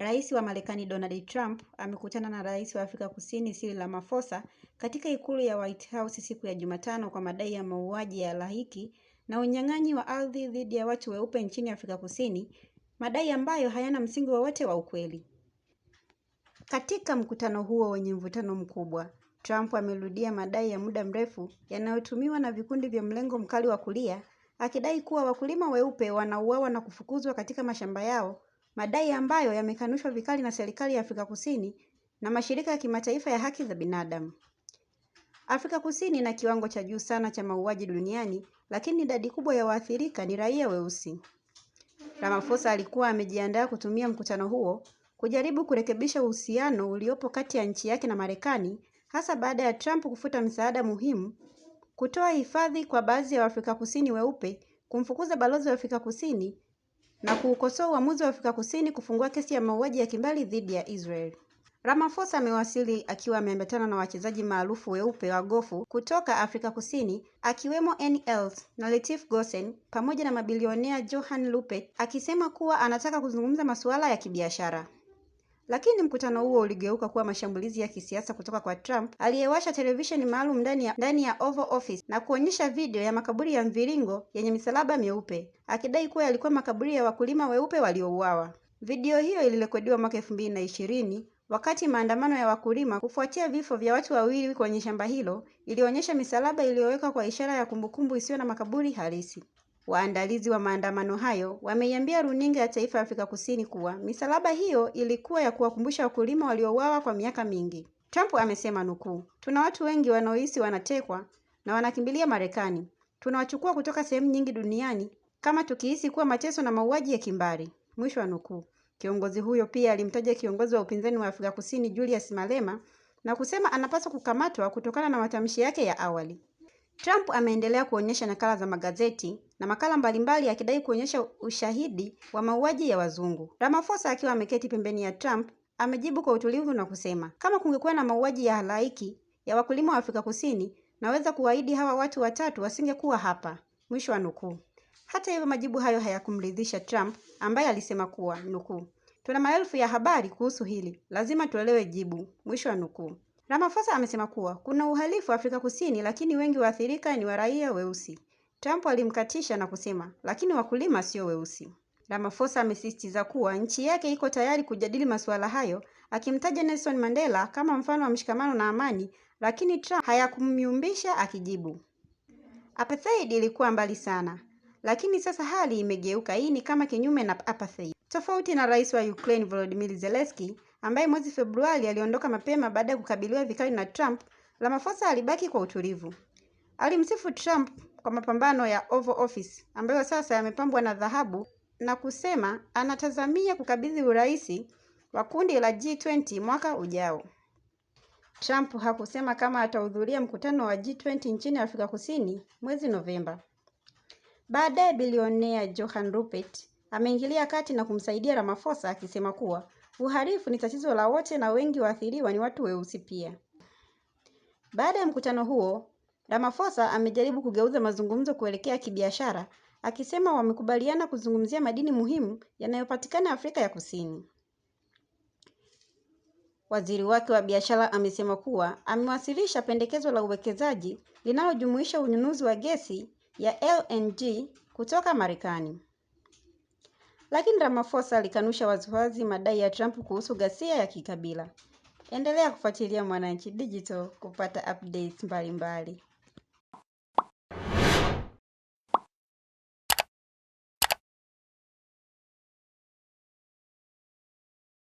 Rais wa Marekani Donald Trump amekutana na Rais wa Afrika Kusini Cyril Ramaphosa katika ikulu ya White House siku ya Jumatano kwa madai ya mauaji ya halaiki na unyang'anyi wa ardhi dhidi ya watu weupe nchini Afrika Kusini, madai ambayo hayana msingi wowote wa, wa ukweli. Katika mkutano huo wenye mvutano mkubwa, Trump amerudia madai ya muda mrefu yanayotumiwa na vikundi vya mlengo mkali wa kulia akidai kuwa wakulima weupe wanauawa na kufukuzwa katika mashamba yao madai ambayo yamekanushwa vikali na serikali ya Afrika Kusini na mashirika ya kimataifa ya haki za binadamu. Afrika Kusini ina kiwango cha juu sana cha mauaji duniani, lakini idadi kubwa ya waathirika ni raia weusi. Ramaphosa alikuwa amejiandaa kutumia mkutano huo kujaribu kurekebisha uhusiano uliopo kati ya nchi yake na Marekani, hasa baada ya Trump kufuta msaada muhimu, kutoa hifadhi kwa baadhi ya Waafrika Kusini weupe, kumfukuza balozi wa Afrika Kusini na kuukosoa uamuzi wa Afrika Kusini kufungua kesi ya mauaji ya kimbali dhidi ya Israel. Ramaphosa amewasili akiwa ameambatana na wachezaji maarufu weupe wa gofu kutoka Afrika Kusini akiwemo nls na Latif gosen pamoja na mabilionea Johan Lupe akisema kuwa anataka kuzungumza masuala ya kibiashara lakini mkutano huo uligeuka kuwa mashambulizi ya kisiasa kutoka kwa Trump aliyewasha televisheni maalum ndani ya, ndani ya Oval Office na kuonyesha video ya makaburi ya mviringo yenye misalaba meupe akidai kuwa yalikuwa makaburi ya wakulima weupe waliouawa. Video hiyo ilirekodiwa mwaka elfu mbili na ishirini wakati maandamano ya wakulima kufuatia vifo vya watu wawili kwenye shamba hilo ilionyesha misalaba iliyowekwa kwa ishara ya kumbukumbu isiyo na makaburi halisi. Waandalizi wa maandamano hayo wameiambia runinga ya taifa ya Afrika Kusini kuwa misalaba hiyo ilikuwa ya kuwakumbusha wakulima waliouawa kwa miaka mingi. Trump amesema nukuu, tuna watu wengi wanaohisi wanatekwa na wanakimbilia Marekani, tunawachukua kutoka sehemu nyingi duniani kama tukihisi kuwa mateso na mauaji ya kimbari, mwisho wa nukuu. Kiongozi huyo pia alimtaja kiongozi wa upinzani wa Afrika Kusini Julius Malema na kusema anapaswa kukamatwa kutokana na matamshi yake ya awali. Trump ameendelea kuonyesha nakala za magazeti na makala mbalimbali akidai kuonyesha ushahidi wa mauaji ya wazungu. Ramaphosa akiwa ameketi pembeni ya Trump amejibu kwa utulivu na kusema, kama kungekuwa na mauaji ya halaiki ya wakulima wa Afrika Kusini, naweza kuahidi hawa watu watatu wasingekuwa hapa, mwisho wa nukuu. Hata hivyo, majibu hayo hayakumridhisha Trump ambaye alisema kuwa nukuu, tuna maelfu ya habari kuhusu hili, lazima tuelewe jibu, mwisho wa nukuu. Ramaphosa amesema kuwa kuna uhalifu Afrika Kusini lakini wengi waathirika ni raia weusi. Trump alimkatisha na kusema, lakini wakulima sio weusi. Ramaphosa amesisitiza kuwa nchi yake iko tayari kujadili masuala hayo, akimtaja Nelson Mandela kama mfano wa mshikamano na amani, lakini Trump hayakumyumbisha akijibu. Apartheid ilikuwa mbali sana, lakini sasa hali imegeuka. Hii ni kama kinyume na apartheid. Tofauti na rais wa Ukraine Volodymyr Zelensky ambaye mwezi Februari aliondoka mapema baada ya kukabiliwa vikali na Trump, Ramaphosa alibaki kwa utulivu. Alimsifu Trump kwa mapambano ya Oval Office ambayo sasa yamepambwa na dhahabu na kusema anatazamia kukabidhi urais wa kundi la G20 mwaka ujao. Trump hakusema kama atahudhuria mkutano wa G20 nchini Afrika Kusini mwezi Novemba. Baadaye bilionea Johan Rupert ameingilia kati na kumsaidia Ramaphosa akisema kuwa Uhalifu ni tatizo la wote na wengi waathiriwa ni watu weusi pia. Baada ya mkutano huo, Ramaphosa amejaribu kugeuza mazungumzo kuelekea kibiashara, akisema wamekubaliana kuzungumzia madini muhimu yanayopatikana Afrika ya Kusini. Waziri wake wa biashara amesema kuwa amewasilisha pendekezo la uwekezaji linalojumuisha ununuzi wa gesi ya LNG kutoka Marekani. Lakini Ramaphosa alikanusha waziwazi madai ya Trump kuhusu ghasia ya kikabila. Endelea kufuatilia Mwananchi Digital kupata updates mbalimbali.